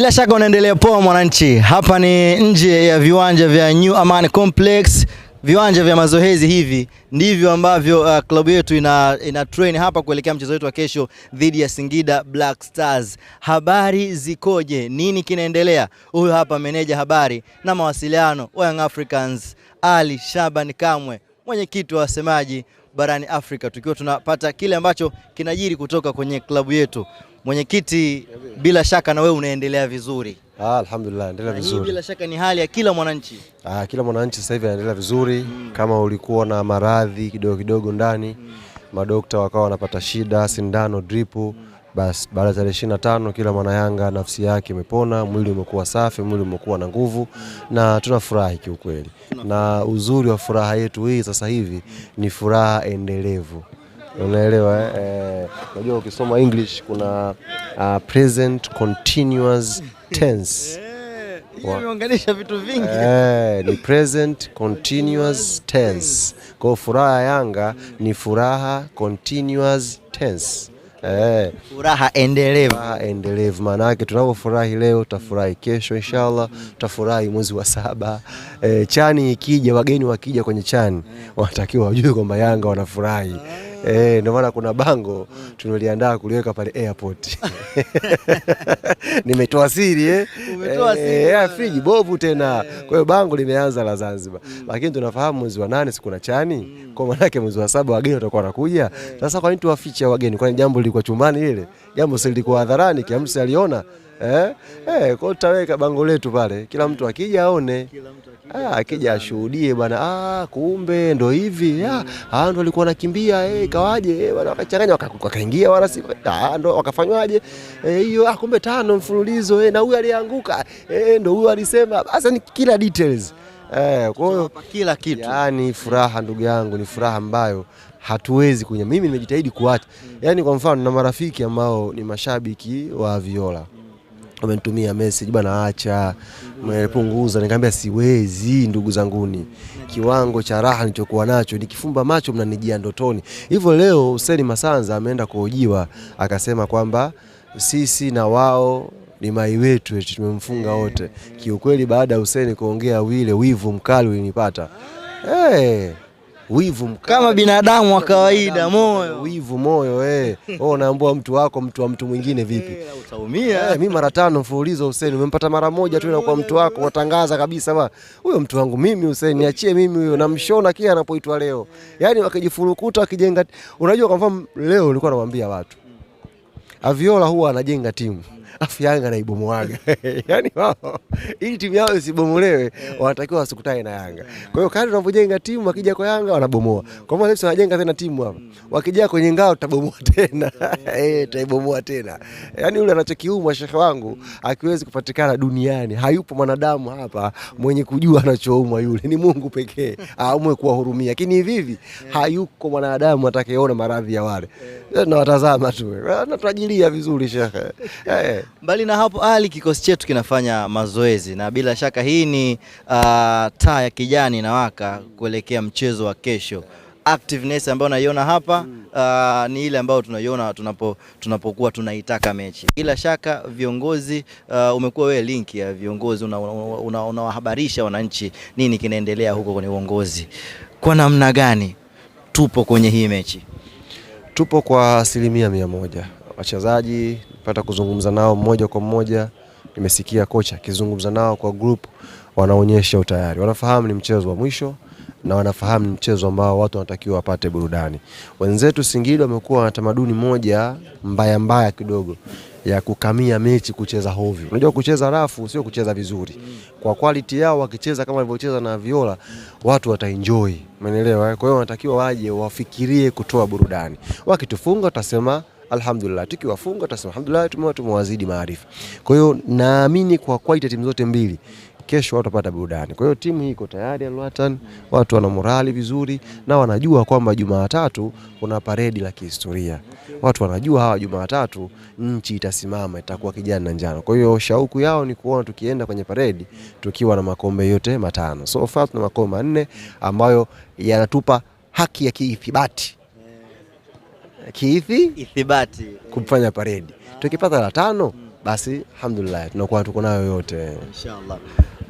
Bila shaka unaendelea poa mwananchi. Hapa ni nje ya viwanja vya New Amani Complex, viwanja vya mazoezi hivi ndivyo ambavyo uh, klabu yetu ina, ina train hapa kuelekea mchezo wetu wa kesho dhidi ya Singida Black Stars. Habari zikoje? Nini kinaendelea? Huyu hapa meneja habari na mawasiliano wa Young Africans, Ali Shaban Kamwe, mwenyekiti wa wasemaji barani Afrika, tukiwa tunapata kile ambacho kinajiri kutoka kwenye klabu yetu. Mwenyekiti, bila shaka na wewe unaendelea vizuri. Ah, alhamdulillah endelea vizuri. Hii bila shaka ni hali ya kila mwananchi. Ah, kila mwananchi sasa hivi anaendelea vizuri mm. Kama ulikuwa na maradhi kidogo kidogo ndani mm. Madokta wakawa wanapata shida sindano drip mm. Bas baada ya tarehe ishirini na tano kila mwana Yanga nafsi yake imepona, mm. mwili umekuwa safi, mwili umekuwa na nguvu mm. na tunafurahi kiukweli, na uzuri wa furaha yetu hii sasa hivi ni furaha endelevu. Unaelewa eh? Unajua ukisoma English kuna uh, present continuous tense eh, imeunganisha vitu vingi eh, ni present continuous tense. Kwa furaha Yanga ni furaha continuous tense eh, furaha endelevu, furaha endelevu. Maana yake tunapofurahi leo tutafurahi kesho inshallah, tutafurahi mwezi wa saba eh, chani ikija, wageni wakija kwenye chani eh. wanatakiwa wajue kwamba Yanga wanafurahi. Eh, eh, ndio maana kuna bango mm. tunaliandaa kuliweka pale airport. Nimetoa siri eh. Umetoa eh, siri. Eh, friji bovu tena. Eh. Kwa hiyo bango limeanza la Zanzibar. Mm. Lakini tunafahamu mwezi wa nane siku na chani. Mm. Kwa maana yake mwezi wa saba wageni watakuwa wanakuja. Sasa kwa nini tuwafiche wageni? Kwani jambo lilikuwa chumbani ile? Jambo si lilikuwa hadharani, kiamsi aliona eh? Eh, kwa tutaweka bango letu pale, kila mtu akija aone, ah, akija ashuhudie bwana, ah, kumbe ndo hivi ah, ah, ndo alikuwa anakimbia eh, kawaje eh, bwana, wakachanganya wakaingia, wala si ah, ndo wakafanywaje eh, hiyo eh, ah, kumbe tano mfululizo eh, na huyu alianguka eh, ndo huyu alisema, basi ni kila details Eh, kwa hiyo kila kitu. Yaani furaha ndugu yangu ni furaha ambayo hatuwezi kunya. Mimi nimejitahidi kuacha. Hmm. Yaani kwa mfano na marafiki ambao ni mashabiki wa Viola. mm wamenitumia message bana, acha mpunguza. Nikamwambia siwezi, ndugu zanguni, kiwango cha raha nilichokuwa nacho nikifumba macho mnanijia ndotoni. Hivyo leo Hussein Masanza ameenda kuhojiwa, akasema kwamba sisi na wao ni mai wetu eti tumemfunga wote. Kiukweli, baada ya Hussein kuongea wile, wivu mkali ulinipata hey. Eh wivu mkali, kama binadamu wa kawaida, moyo wivu, moyo eh, wewe unaambua oh, mtu wako mtu wa mtu mwingine vipi? Eh, utaumia. Mimi eh, mara tano mfululizo Hussein, umempata mara moja tu kwa mtu wako, watangaza kabisa ba huyo mtu wangu mimi Hussein, niachie mimi huyo, namshona kila anapoitwa leo. yani wakijifurukuta wakijenga, unajua kwa mfano leo nilikuwa nawaambia watu Aviola huwa anajenga timu afu Yanga anaibomwaga yani wao ili timu yao isibomolewe eh. wanatakiwa wasikutane na Yanga. Eh. Kwa hiyo kadri tunavyojenga timu, wakija kwa Yanga wanabomoa. Mm. Kwa maana sisi tunajenga tena timu hapa, mm. wakija kwenye ngao tutabomoa tena eh. eh, tutaibomoa tena. Yani yule anachokiumwa shekhe wangu mm. akiwezi kupatikana duniani, hayupo mwanadamu hapa mwenye kujua anachoumwa yule, ni Mungu pekee aamue kuwahurumia. Lakini hivi hivi hayuko mwanadamu atakayeona maradhi ya wale, tunawatazama tu na tunajilia vizuri shekhe eh. Eh, mbali na hapo Ali, kikosi chetu kinafanya mazoezi na bila shaka hii ni uh, taa ya kijani inawaka kuelekea mchezo wa kesho. Activeness ambayo unaiona hapa uh, ni ile ambayo tunaiona tunapo, tunapokuwa tunaitaka mechi. Bila shaka viongozi uh, umekuwa wewe linki ya viongozi unawahabarisha una, una wananchi nini kinaendelea huko kwenye uongozi. Kwa namna gani tupo kwenye hii mechi? Tupo kwa asilimia mia moja wachezaji, nipata kuzungumza nao mmoja kwa mmoja. Nimesikia kocha akizungumza nao kwa group, wanaonyesha utayari, wanafahamu ni mchezo wa mwisho na wanafahamu ni mchezo ambao watu wanatakiwa wapate burudani. Wenzetu Singida wamekuwa na tamaduni moja mbaya mbaya kidogo ya kukamia mechi kucheza hovyo. Unajua kucheza rafu sio kucheza vizuri. Kwa quality yao wakicheza kama walivyocheza na Viola, watu wataenjoy. Umeelewa? Kwa hiyo wanatakiwa waje wafikirie kutoa burudani. Wakitufunga tutasema alhamdulillah, tukiwafunga tutasema alhamdulillah, tumewa tumewazidi maarifa. Kwa hiyo naamini kwa kwaita timu zote mbili kesho wapata burudani. Kwa hiyo timu hii iko tayari Alwatan, watu wana morali vizuri na wanajua kwamba Jumatatu kuna paredi la kihistoria. Watu wanajua hawa Jumatatu nchi itasimama, itakuwa kijani na njano. Kwa hiyo shauku yao ni kuona tukienda kwenye paredi tukiwa na makombe yote matano. So far tuna makombe manne ambayo yanatupa haki ya kiithibati kiithi ithibati kufanya paredi. Tukipata la tano, basi alhamdulillah tunakuwa tuko nayo yote inshallah.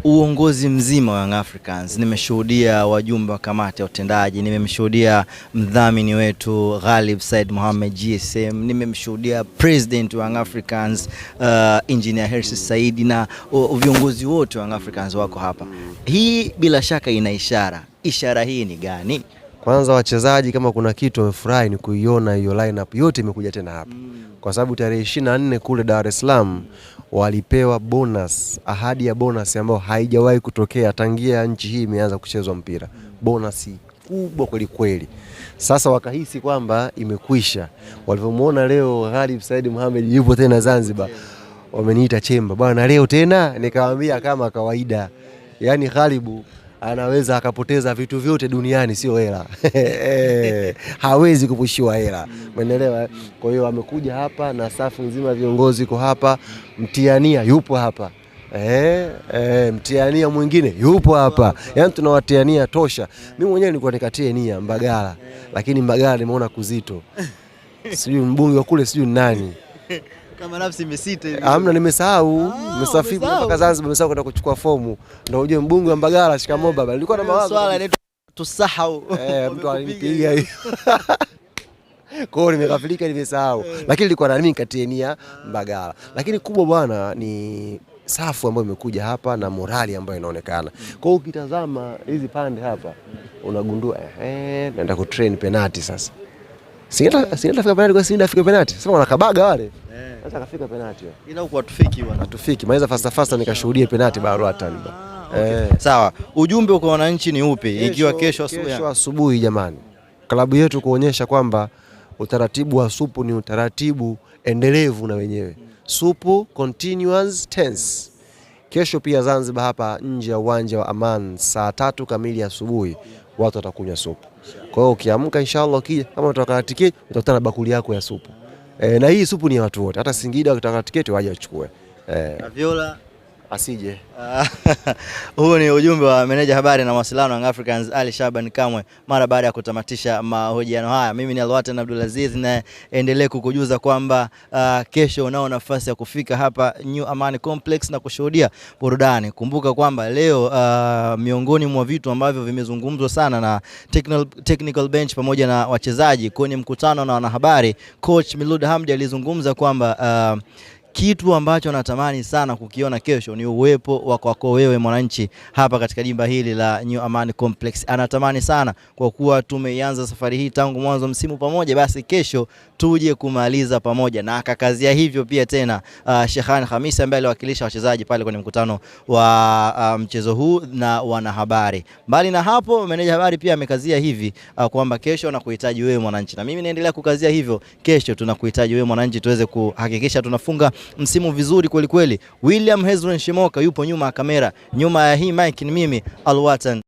Uongozi mzima wa Young Africans nimeshuhudia wajumbe wa kamati ya utendaji, nimemshuhudia mdhamini wetu Ghalib Said Mohamed GSM, nimemshuhudia president wa Young Africans uh, engineer Hersi Said na uh, viongozi wote wa Young Africans wako hapa. Hii bila shaka ina ishara. Ishara hii ni gani? Kwanza wachezaji kama kuna kitu wamefurahi ni kuiona hiyo lineup yote imekuja tena hapa, mm. kwa sababu tarehe 24 kule Dar es Salaam walipewa bonus, ahadi ya bonus ambayo haijawahi kutokea tangia nchi hii imeanza kuchezwa mpira. Mm. Bonus kubwa kweli kweli. Sasa wakahisi kwamba imekwisha. walivyomuona leo Ghalib Said Mohamed yupo tena Zanzibar, wameniita chemba bwana, leo tena, nikawaambia kama kawaida, yani Ghalibu anaweza akapoteza vitu vyote duniani, sio hela hawezi kupushiwa hela, umeelewa? Eh? Kwa hiyo amekuja hapa na safu nzima viongozi iko hapa, mtiania yupo hapa eh, eh, mtiania mwingine yupo hapa, yaani tunawatiania tosha. Mimi mwenyewe nilikuwa nikatie nia Mbagala, lakini Mbagala nimeona kuzito, sijui mbunge wa kule sijui nani kama nafsi imesita hivi. Hamna, nimesahau. Ah, Nimesafiri mpaka Zanzibar, nimesahau kwenda kuchukua fomu. Ndio ujue mbunge wa Mbagala, shikamoo baba. Nilikuwa na mawazo. Swala inaitwa tusahau. Eh, mtu alinipiga hiyo. Kwa hiyo nimekafilika, nimesahau. Eh. Lakini nilikuwa na mimi kati ya Mbagala. Lakini kubwa bwana ni safu ambayo imekuja hapa na morali ambayo inaonekana. Kwa hiyo ukitazama hizi pande hapa unagundua eh, naenda ku train penati sasa Singefika penalti, si penati, penalti. Sema wanakabaga wale. Eh. Sasa akafika penalti. Ila huko hatufiki bwana. Hatufiki. Maweza fasta fasta nikashuhudia penalti baada ya tani. Ah, eh, sawa. Ujumbe kwa wananchi ni upi? Ikiwa kesho asubuhi. Kesho asubuhi jamani. Klabu yetu kuonyesha kwamba utaratibu wa supu ni utaratibu endelevu na wenyewe. Supu continuous tense. Kesho pia Zanzibar hapa nje ya uwanja wa Aman saa tatu kamili asubuhi watu watakunywa supu. Kwa hiyo ukiamka, inshallah, ukija kama unataka tiketi utakutana na bakuli yako ya supu. E, na hii supu ni ya watu wote, hata Singida wakitaka tiketi waje wachukue. E asije. Huu ni ujumbe wa meneja habari na mawasiliano Young Africans Ali Shaban Kamwe mara baada ya kutamatisha mahojiano haya. Mimi ni Alwatan Abdulaziz na endelee kukujuza kwamba uh, kesho unao nafasi ya kufika hapa New Amani Complex na kushuhudia burudani. Kumbuka kwamba leo uh, miongoni mwa vitu ambavyo vimezungumzwa sana na technical, technical bench pamoja na wachezaji kwenye mkutano na wanahabari, coach Milud Hamdi alizungumza kwamba uh, kitu ambacho natamani sana kukiona kesho ni uwepo wa kwako wewe mwananchi hapa katika dimba hili la New Amaan Complex. Anatamani sana kwa kuwa tumeianza safari hii tangu mwanzo msimu pamoja, basi kesho tuje kumaliza pamoja, na akakazia hivyo pia tena uh, Shekhan Hamisi ambaye aliwakilisha wachezaji pale kwenye mkutano wa uh, mchezo huu na wanahabari. Mbali na hapo, meneja habari pia amekazia hivi uh, kwamba kesho kuhitaji wewe mwananchi, na mimi naendelea kukazia hivyo, kesho tunakuhitaji wewe mwananchi tuweze kuhakikisha tunafunga msimu vizuri kweli kweli. William Hezron Shemoka yupo nyuma ya kamera, nyuma ya hii mic ni mimi Alwatan.